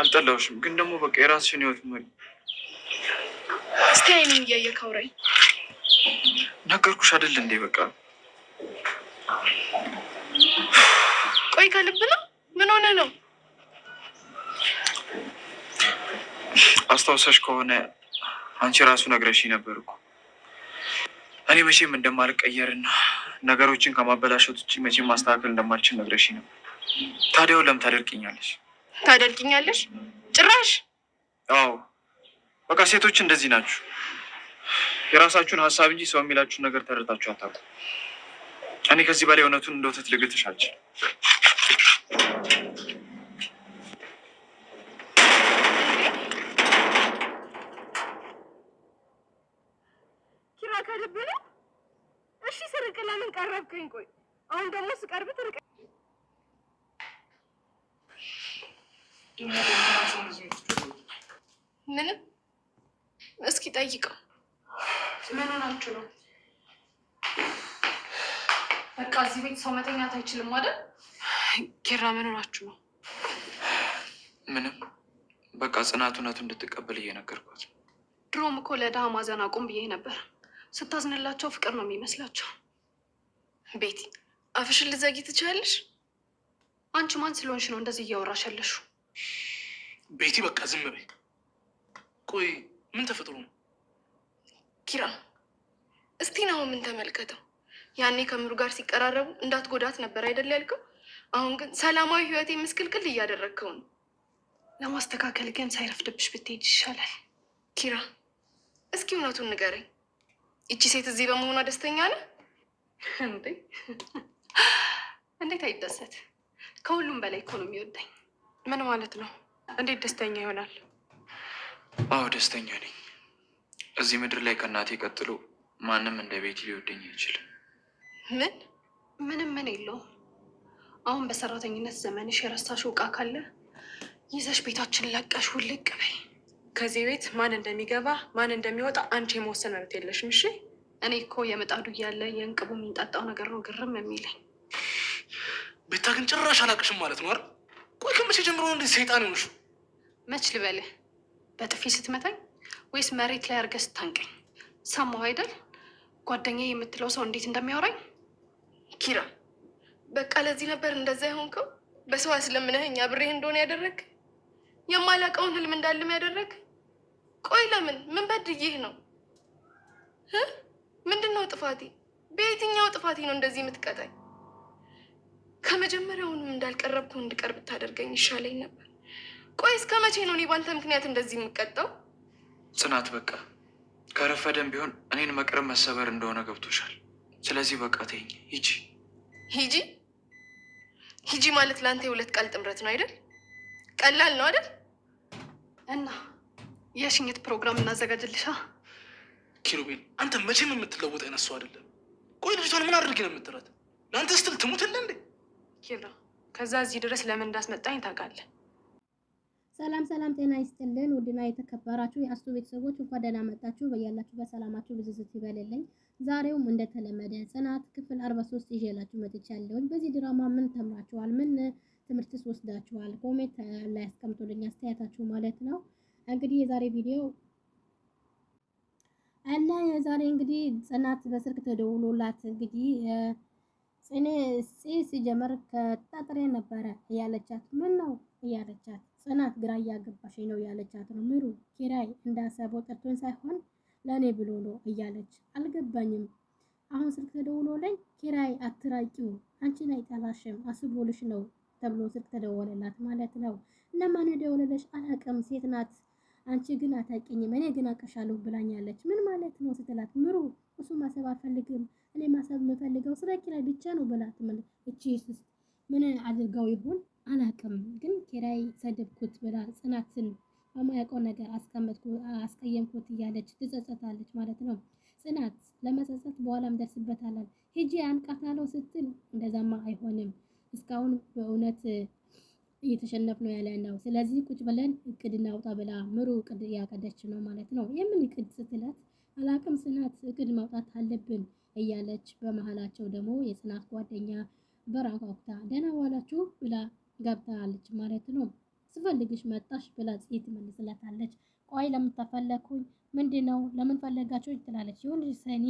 አልጠላሁሽም፣ ግን ደግሞ በቃ የራስሽን ህይወት መሪ። እስኪ አይኔን እያየ አውራኝ። ነገርኩሽ አይደል እንዴ? በቃ ቆይ፣ ከልብ ነው? ምን ሆነ ነው? አስታውሰሽ ከሆነ አንቺ ራሱ ነግረሽ ነበር እኮ እኔ መቼም እንደማልቀየርና ነገሮችን ከማበላሸት ውጭ መቼም ማስተካከል እንደማልችል ነግረሽ ነበር። ታዲያው ለምን ታደርቅኛለሽ? ታደርጊኛለሽ? ጭራሽ አዎ፣ በቃ ሴቶች እንደዚህ ናችሁ። የራሳችሁን ሀሳብ እንጂ ሰው የሚላችሁን ነገር ተረታችሁ አታውቁም። እኔ ከዚህ በላይ እውነቱን እንደ ወተት ልግትሽ አልችል። ኪራ ከልብ ነው። እሺ ስርቅ ለምን ቀረብከኝ? ቆይ አሁን ደግሞ ስቀርብ ትርቅ ምንም እስኪ ጠይቀው። ምን ሆናችሁ ነው? በቃ እዚህ ቤት ሰው መተኛት አይችልም አይደል? ጌራ ምን ሆናችሁ ነው? ምንም በቃ ጽናት እውነቱ እንድትቀበል እየነገርኳት። ድሮም እኮ ለድሃ ማዘን አቁም ብዬ ነበር። ስታዝንላቸው ፍቅር ነው የሚመስላቸው። ቤቲ አፍሽን ልዘጊ ትችላለሽ። አንቺ ማን ስለሆንሽ ነው እንደዚህ እያወራሽ ያለሽው? ቤቲ በቃ ዝም በይ። ቆይ ምን ተፈጥሮ ነው ኪራ? እስቲ ነው ምን ተመልከተው። ያኔ ከምሩ ጋር ሲቀራረቡ እንዳትጎዳት ነበር አይደል ያልከው? አሁን ግን ሰላማዊ ህይወቴ ምስቅልቅል እያደረግከው ነው። ለማስተካከል ግን ሳይረፍድብሽ ብትሄድ ይሻላል። ኪራ እስኪ እውነቱን ንገረኝ፣ ይቺ ሴት እዚህ በመሆኗ ደስተኛ ነህ እንዴ? እንዴት አይደሰት? ከሁሉም በላይ እኮ ነው የሚወዳኝ ምን ማለት ነው? እንዴት ደስተኛ ይሆናል? አዎ ደስተኛ ነኝ። እዚህ ምድር ላይ ከእናቴ ቀጥሎ ማንም እንደ ቤት ሊወደኝ አይችልም። ምን ምንም ምን የለውም። አሁን በሰራተኝነት ዘመንሽ የረሳሽ እቃ ካለ ይዘሽ ቤታችን ለቀሽ ውልቅ በይ። ከዚህ ቤት ማን እንደሚገባ ማን እንደሚወጣ አንቺ የመወሰን መብት የለሽም። እሺ? እኔ እኮ የምጣዱ እያለ የእንቅቡ የሚንጣጣው ነገር ነው ግርም የሚለኝ። ቤታ ግን ጭራሽ አላቅሽም ማለት ነው አይደል? ከመቼ ጀምሮ እንደ ሰይጣን ሆንሽ? መች ልበልህ፣ በጥፊ ስትመታኝ ወይስ መሬት ላይ አድርገህ ስታንቀኝ? ሰማሁ አይደል ጓደኛ የምትለው ሰው እንዴት እንደሚያወራኝ። ኪራ፣ በቃ ለዚህ ነበር እንደዛ የሆንከው። በሰው አስለምነህኝ አብሬህ እንደሆነ ያደረግ፣ የማላውቀውን ህልም እንዳልም ያደረግ። ቆይ ለምን? ምን በድዬህ ነው? ምንድን ነው ጥፋቴ? በየትኛው ጥፋቴ ነው እንደዚህ የምትቀጣኝ? ከመጀመሪያውንም እንዳልቀረብኩ እንድቀርብ ታደርገኝ ይሻለኝ ነበር። ቆይ እስከ መቼ ነው እኔ ባንተ ምክንያት እንደዚህ የምቀጣው? ጽናት በቃ ከረፈደም ቢሆን እኔን መቅረብ መሰበር እንደሆነ ገብቶሻል። ስለዚህ በቃ ተይኝ። ሂጂ ሂጂ ሂጂ ማለት ለአንተ የሁለት ቃል ጥምረት ነው አይደል? ቀላል ነው አይደል? እና የሽኝት ፕሮግራም እናዘጋጅልሻ። ኪሩቤል አንተ መቼም የምትለወጥ አይነሱ አይደለም። ቆይ ልጅቷን ምን አድርጌ ነው የምትላት? ለአንተ ስትል ትሙትልህ እንዴ? ኪራ ከዛ እዚህ ድረስ ለምን እንዳስመጣኝ ታውቃለህ። ሰላም ሰላም፣ ጤና ይስጥልን ውድና የተከበራችሁ የአስቱ ቤተሰቦች እንኳን ደህና መጣችሁ። በያላችሁ ሰላማችሁ ብዝዝት ይበልልኝ። ዛሬውም እንደተለመደ ጽናት ክፍል 43 ይዤላችሁ መጥቻለሁ። በዚህ ድራማ ምን ተምራችኋል? ምን ትምህርትስ ወስዳችኋል? ኮሜንት ላይ አስቀምጡልኝ አስተያየታችሁ ማለት ነው። እንግዲህ የዛሬ ቪዲዮ እና የዛሬ እንግዲህ ጽናት በስልክ ተደውሎላት እንግዲህ እኔ ፂ ሲጀመር ከጣጥሬ ነበረ እያለቻት ምን ነው እያለቻት ጽናት ግራ እያገባሽኝ ነው እያለቻት ነው ምሩ ኪራይ እንዳሰበው ጠርቶኝ ሳይሆን ለእኔ ብሎ ነው እያለች አልገባኝም። አሁን ስልክ ተደውሎልኝ ኪራይ አትራቂው አንቺን አይጠላሽም አስቦልሽ ነው ተብሎ ስልክ ተደወለላት ማለት ነው። ለማን የደወለለሽ አላቅም፣ ሴት ናት። አንቺ ግን አታውቂኝም፣ እኔ ግን አውቅሻለሁ ብላኛለች። ምን ማለት ነው ስትላት ምሩ እሱ ማሰብ አልፈልግም እኔ ማሰብ የምፈልገው ስለ ኪራይ ብቻ ነው ብላ ትመለስ። እቺ ምን አድርገው ይሁን አላቅም፣ ግን ኪራይ ሰደብኩት ብላ ጽናትን በማያውቀው ነገር አስቀየምኩት እያለች ትጸጸታለች ማለት ነው። ጽናት ለመጸጸት በኋላም ደርስበታለን። ሂጂ አንቃታለው ስትል እንደዛማ አይሆንም፣ እስካሁን በእውነት እየተሸነፍ ነው ያለ ነው። ስለዚህ ቁጭ ብለን እቅድ እናውጣ ብላ ምሩ እቅድ እያቀደች ነው ማለት ነው። የምን እቅድ ስትላት አላቅም ጽናት፣ እቅድ ማውጣት አለብን እያለች በመሀላቸው ደግሞ የጽናት ጓደኛ በራንኳኩታ ደህና ዋላችሁ ብላ ገብታለች ማለት ነው። ስፈልግሽ መጣሽ ብላ ጽ ትመልስላታለች። ቆይ ለምን ተፈለኩኝ? ምንድን ነው ለምን ፈለጋችሁ? ትላለች። ይሁንሽ ሰኒ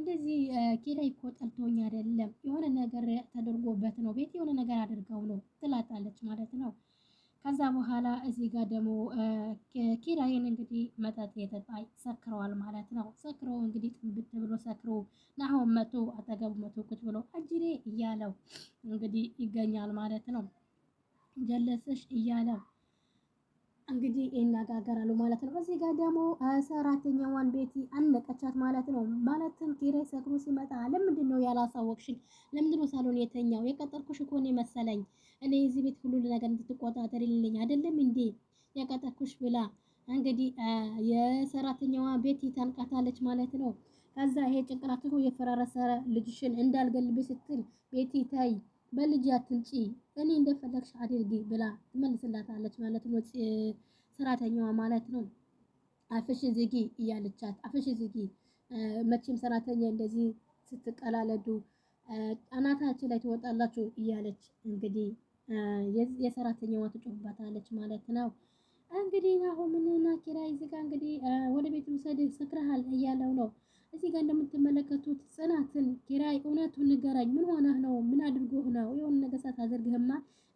እንደዚህ ኪራይ እኮ ጠልቶኝ አይደለም፣ የሆነ ነገር ተደርጎበት ነው፣ ቤት የሆነ ነገር አድርገው ነው ትላታለች ማለት ነው። ከዛ በኋላ እዚህ ጋር ደግሞ ኪራይን እንግዲህ መጠጥ የጠጣይ ሰክረዋል ማለት ነው። ሰክሮ እንግዲህ ጥንብት ብሎ ሰክሮ ናሆን መቶ አጠገቡ መቶ ቁጭ ብሎ አጅሬ እያለው እንግዲህ ይገኛል ማለት ነው። ጀለስሽ እያለው እንግዲህ ይነጋገራሉ ማለት ነው። እዚህ ጋር ደግሞ ሰራተኛዋን ቤቲ አነቀቻት ማለት ነው። ማለትም ኪራይ ሰክሮ ሲመጣ ለምንድን ነው ያላሳወቅሽኝ? ለምንድን ነው ሳሎን የተኛው? የቀጠርኩሽ እኮ ነው መሰለኝ እኔ እዚህ ቤት ሁሉ ነገር እንድትቆጣጠር ይልልኝ አይደለም እንዴ የቀጠርኩሽ ብላ እንግዲህ የሰራተኛዋ ቤቲ ታንቃታለች ማለት ነው። ከዛ ይሄ ጭንቅላት እኮ የፈራረሰ ልጅሽን እንዳልገልብሽ ስትል ቤቲ ታይ በልጅ አትንጪ እኔ እንደፈለግሽ አድርጊ ብላ ትመልስላታለች ማለት ነው። ሰራተኛዋ ማለት ነው። አፍሽ ዝጊ እያለቻት አፍሽ ዝጊ። መቼም ሰራተኛ እንደዚህ ስትቀላለዱ አናታችን ላይ ትወጣላችሁ እያለች እንግዲህ የሰራተኛዋ ትጮህባታለች ማለት ነው። እንግዲህ አሁን ምንና ኪራይ ዝጋ እንግዲህ ወደ ቤት ውሰድ ሰክረሃል እያለው ነው እዚህ ጋር እንደምትመለከቱት ጽናትን ኪራይ እውነቱን ንገራኝ፣ ምን ሆነህ ነው? ምን አድርጎህ ነው? የሆነ ነገሳት ሳታደርግህማ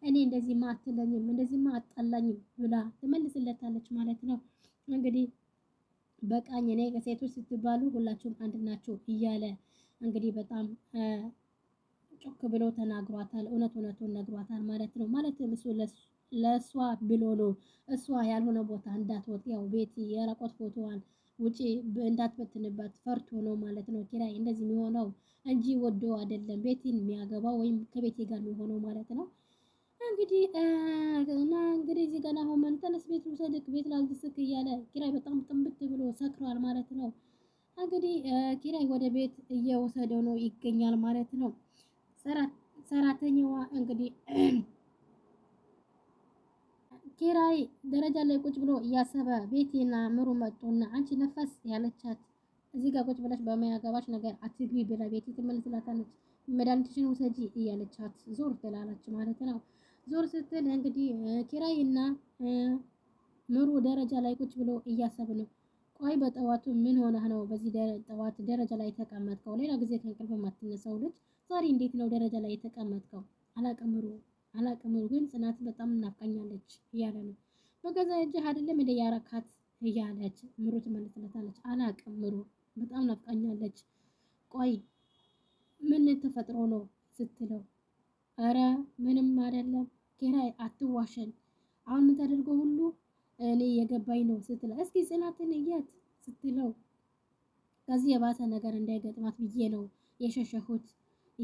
እኔ እንደዚህማ አትለኝም፣ እንደዚህማ አጣላኝም ብላ ትመልስለታለች ማለት ነው። እንግዲህ በቃኝ፣ እኔ ከሴቶች ስትባሉ ሁላችሁም አንድ ናችሁ እያለ እንግዲህ በጣም ጮክ ብሎ ተናግሯታል። እውነት እውነቱን ነግሯታል ማለት ነው። ማለትም እሱ ለእሷ ብሎ ነው እሷ ያልሆነ ቦታ እንዳትወጥ ያው ቤት የራቆት ፎቶዋን ውጪ እንዳትበትንባት ፈርቶ ነው ማለት ነው ኪራይ እንደዚህ የሚሆነው እንጂ ወዶ አይደለም ቤቲን የሚያገባው ወይም ከቤቴ ጋር የሚሆነው ማለት ነው። እንግዲህ እና እንግዲህ እዚህ ገና አሁን መንጠለስ ቤት ውሰድክ ቤት ላልትስክ እያለ ኪራይ በጣም ጥንብት ብሎ ሰክሯል ማለት ነው። እንግዲህ ኪራይ ወደ ቤት እየወሰደው ነው ይገኛል ማለት ነው። ሰራተኛዋ እንግዲህ ኪራይ ደረጃ ላይ ቁጭ ብሎ እያሰበ ቤቴና ምሩ መጡና አንቺ ነፈስ ያለቻት እዚህ ጋር ቁጭ ብለሽ በማያገባሽ ነገር አትግቢ ብላ ቤቲ ትመልስላታለች። መድኃኒትሽን ውሰጂ እያለቻት ዞር ትላለች ማለት ነው። ዞር ስትል እንግዲህ ኪራይና ምሩ ደረጃ ላይ ቁጭ ብሎ እያሰብ ነው። ቆይ በጠዋቱ ምን ሆነህ ነው በዚህ ጠዋት ደረጃ ላይ የተቀመጥከው? ሌላ ጊዜ ከእንቅልፍ የማትነሳው ልጅ ዛሬ እንዴት ነው ደረጃ ላይ የተቀመጥከው? አላቅም ምሩ አላቅም ግን ጽናት በጣም እናፍቃኛለች እያለ ነው። በገዛ እጅ አይደለም እንደ ያረካት እያለች ምሩ ትመልስለታለች። አላቅም ምሩ በጣም ናፍቃኛለች። ቆይ ምን ተፈጥሮ ነው ስትለው፣ አረ ምንም አይደለም ኬራይ አትዋሸን። አሁን የምታደርገው ሁሉ እኔ የገባኝ ነው ስትለው፣ እስኪ ጽናትን እያት ስትለው፣ ከዚህ የባሰ ነገር እንዳይገጥማት ብዬ ነው የሸሸሁት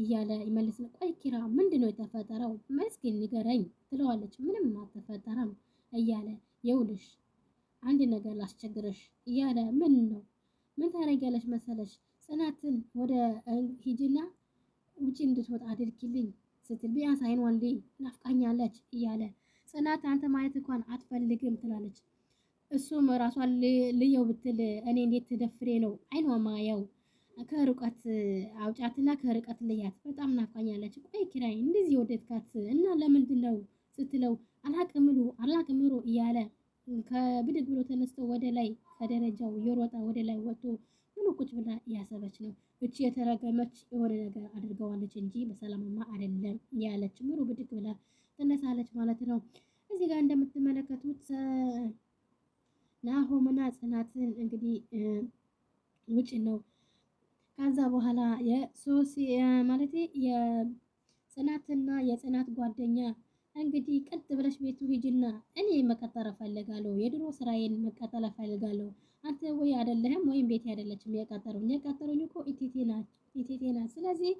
እያለ ይመልስና ቆይ ኪራ ምንድን ነው የተፈጠረው? መስኪን ንገረኝ ትለዋለች። ምንም አልተፈጠረም እያለ የውልሽ አንድ ነገር ላስቸግረሽ እያለ ምን ነው ምን ታደርጊያለሽ መሰለሽ ጽናትን ወደ ሂጂና ውጪ እንድትወጣ አድርጊልኝ ስትል ቢያንስ አይኗን ልይ ናፍቃኛለች እያለ ጽናት አንተ ማየት እንኳን አትፈልግም ትላለች። እሱም ራሷን ልየው ብትል እኔ እንዴት ትደፍሬ ነው አይኗ ማየው ከርቀት አውጫትና ከርቀት ለያት። በጣም ናፋኛለች። ቆይ ኪራይ እንደዚህ ወደድካት እና ለምንድን ነው ስትለው አላቅምሉ አላቅምሉ እያለ ከብድግ ብሎ ተነስቶ ወደ ላይ ከደረጃው የሮጣ ወደ ላይ ወጥቶ ምን ቁጭ ብላ እያሰበች ነው። እቺ የተረገመች የሆነ ነገር አድርገዋለች እንጂ በሰላምማ አይደለም ያለች ምሩ ብድግ ብላ ትነሳለች ማለት ነው። እዚህ ጋር እንደምትመለከቱት ናሆምና ጽናትን እንግዲህ ውጭ ነው ከዛ በኋላ የሶሲ ማለት የጽናትና የጽናት ጓደኛ እንግዲህ ቀጥ ብለሽ ቤቱ ሂጅና እኔ መቀጠር እፈልጋለሁ፣ የድሮ ስራዬን መቀጠል እፈልጋለሁ። አንተ ወይ አይደለህም ወይም ቤት አይደለችም የቀጠሩኝ። የቀጠሩኝ እኮ ኢቴቴ ናት። ስለዚህ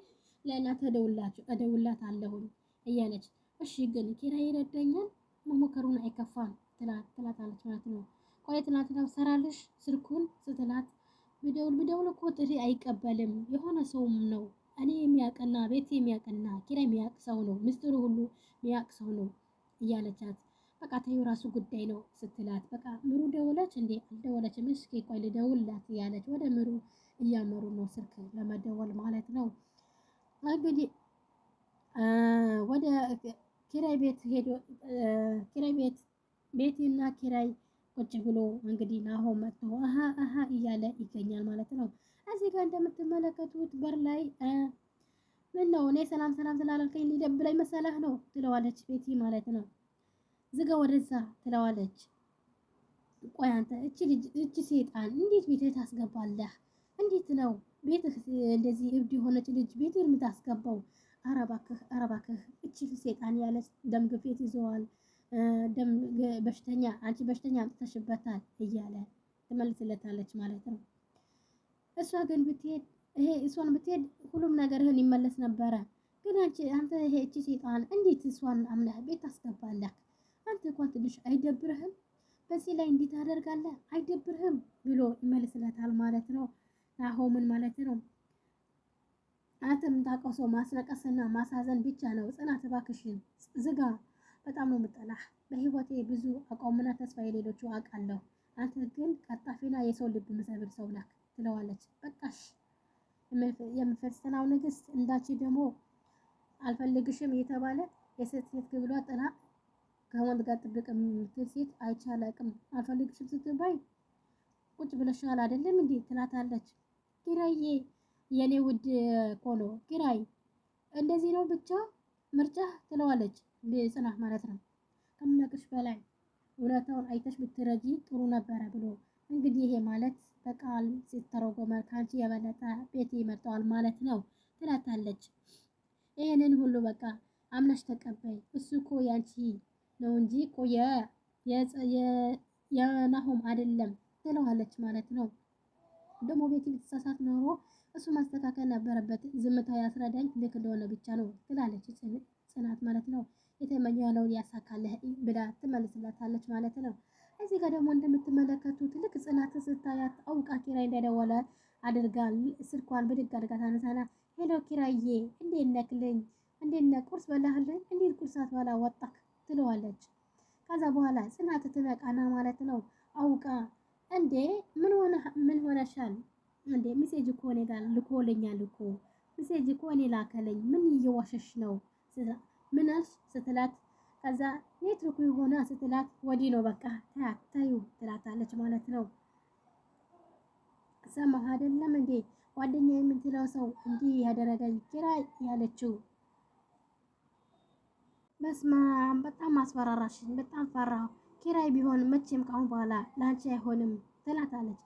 ለእናት እደውላችሁ እደውላት አለሁኝ እያለች እሺ፣ ግን ኪራይ ይረዳኛል መሞከሩን አይከፋም ትላት ትላታለች ማለት ነው። ቆይ ትናንትና ሰራልሽ ስልኩን ስትላት ብደውል ብደውል እኮ ጥሪ አይቀበልም። የሆነ ሰውም ነው እኔ የሚያቀና ቤት የሚያቀና ኪራ የሚያቅ ሰው ነው፣ ምስጢሩ ሁሉ የሚያቅ ሰው ነው እያለቻት በቃ ተዩ ራሱ ጉዳይ ነው ስትላት፣ በቃ ምሩ ደውለች እንዴ አልደወለችም? እስኪ ቆይ ልደውልላት እያለች ወደ ምሩ እያመሩ ነው ስልክ ለመደወል ማለት ነው። እንግዲህ ወደ ኪራይ ቤት ሄዶ ኪራይ ቤት ቤቴና ኪራይ ቁጭ ብሎ እንግዲህ ናሆ መጥቶ አሀ አሀ እያለ ይገኛል ማለት ነው። እዚህ ጋር እንደምትመለከቱት በር ላይ ምን ነው እኔ ሰላም ሰላም ስላላልከኝ ሊደብ ላይ መሰላህ ነው ትለዋለች ቤቲ ማለት ነው። ዝጋ ወደዛ ትለዋለች። ቆይ አንተ እቺ ልጅ እቺ ሴጣን እንዴት ቤትህ ታስገባለህ? እንዴት ነው ቤትህ እንደዚህ እብድ የሆነች ልጅ ቤትህ የምታስገባው? አረባክህ አረባክህ እቺ ሴጣን ያለች ደምግፌት ይዘዋል ደም በሽተኛ አንቺ በሽተኛ አምጥተሽበታል እያለ ትመልስለታለች ማለት ነው። እሷ ግን ብትሄድ ይሄ እሷን ብትሄድ ሁሉም ነገርህን ይመለስ ነበረ። ግን አንቺ አንተ ይሄ እቺ ሴጣን እንዴት እሷን አምነህ ቤት ታስገባለህ? አንተ እንኳን ትንሽ አይደብርህም? በዚህ ላይ እንዴት ታደርጋለህ አይደብርህም? ብሎ ይመልስለታል ማለት ነው። ናሆምን ማለት ነው። አንተ የምታውቀው ሰው ማስለቀስና ማሳዘን ብቻ ነው። ጽናት እባክሽን ዝጋ በጣም ነው የምጠላህ። በህይወቴ ብዙ አቋምና ተስፋ የሌሎቹ አውቃለሁ። አንተ ግን ቀጣፊና የሰው ልብ ምሰብር ሰው ናክ ትለዋለች። በቃሽ የምፈርሰናው ንግስት እንዳቺ ደግሞ አልፈልግሽም የተባለ የሴት ሴት ግብሏ ጥላ ከወንድ ጋር ጥብቅ የምትል ሴት አይቻላቅም። አልፈልግሽም ስትባይ ቁጭ ብለሻል አይደለም እንዴ ትላታለች። ኪራዬ የኔ ውድ ኮኖ ኪራይ እንደዚህ ነው ብቻ ምርጫ ትለዋለች። ጽናት ማለት ነው ከምናቅሽ በላይ እውነታውን አይተሽ ብትረጂ ጥሩ ነበረ ብሎ እንግዲህ ይሄ ማለት በቃል ሲተረጎመ ከአንቺ የበለጠ ቤት ይመርጠዋል ማለት ነው ትላታለች። ይህንን ሁሉ በቃ አምናሽ ተቀበይ። እሱ እኮ ያንቺ ነው እንጂ እኮ የናሆም አይደለም ትለዋለች ማለት ነው። ደግሞ ቤት ብትሳሳት ኖሮ እሱ ማስተካከል ነበረበት። ዝምታ ያስረዳኝ ልክ እንደሆነ ብቻ ነው ትላለች። ጽናት ማለት ነው የተመኘነውን ያሳካልህ ብላ ትመልስላታለች ማለት ነው። እዚህ ጋር ደግሞ እንደምትመለከቱት ልክ ጽናት ስታያት አውቃ ኪራይ እንደደወለ አድርጋ ስልኳን ብድግ አድርጋ ታነሳና ሄሎ ኪራዬ እንዴት ነክልኝ? እንዴት ነ ቁርስ በላህልኝ? እንዴት ቁርሳት ሳትበላ ወጣህ? ትለዋለች። ከዛ በኋላ ጽናት ትነቃና ማለት ነው አውቃ እንዴ ምን ሆነ ምን ሆነሻል? እንዴ ሚሴጅ እኮ እኔ ጋር ልኮልኛል እኮ ሚሴጅ እኮ እኔ ላከልኝ። ምን እየዋሸሽ ነው? ምን አልሽ ስትላት ከዛ ኔትወርኩ የሆነ ስትላት ወዲህ ነው በቃ ታያታዩ ትላታለች ማለት ነው። ሰማህ አይደለም እንዴ ጓደኛ የምትለው ሰው እንዲህ ያደረገኝ ኪራይ ያለችው። በስማ በጣም አስፈራራሽኝ፣ በጣም ፈራሁ። ኪራይ ቢሆን መቼም ካሁን በኋላ ለአንቺ አይሆንም ትላታለች።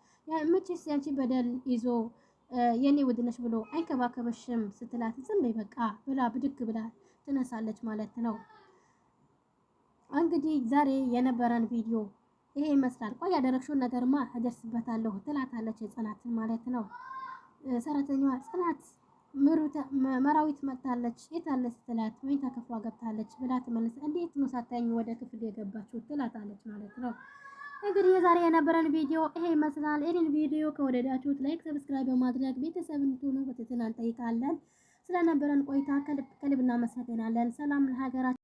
መቼስ ያንቺ በደል ይዞ የኔ ውድነሽ ብሎ አይከባከበሽም ስትላት ዝም በይ በቃ ብላ ብድግ ብላ ትነሳለች ማለት ነው። እንግዲህ ዛሬ የነበረን ቪዲዮ ይሄ ይመስላል። ቆይ ያደረግሽውን ነገርማ እደርስበታለሁ ትላታለች ጽናትን ማለት ነው። ሰራተኛዋ ጽናት መራዊት መጥታለች የታለች ትላት ወይን ተከፍሏ ገብታለች ብላ ትመልስ። እንዴት ነው ሳታኝ ወደ ክፍል የገባችሁ ትላታለች ማለት ነው። እንግዲህ የዛሬ የነበረን ቪዲዮ ይሄ ይመስላል። ይህንን ቪዲዮ ከወደዳችሁት ላይክ፣ ሰብስክራይብ በማድረግ ቤተሰብ እንድትሆኑ በትህትና እንጠይቃለን። ስለነበረን ቆይታ ከልብ ከልብ እናመሰግናለን። ሰላም ለሀገራችን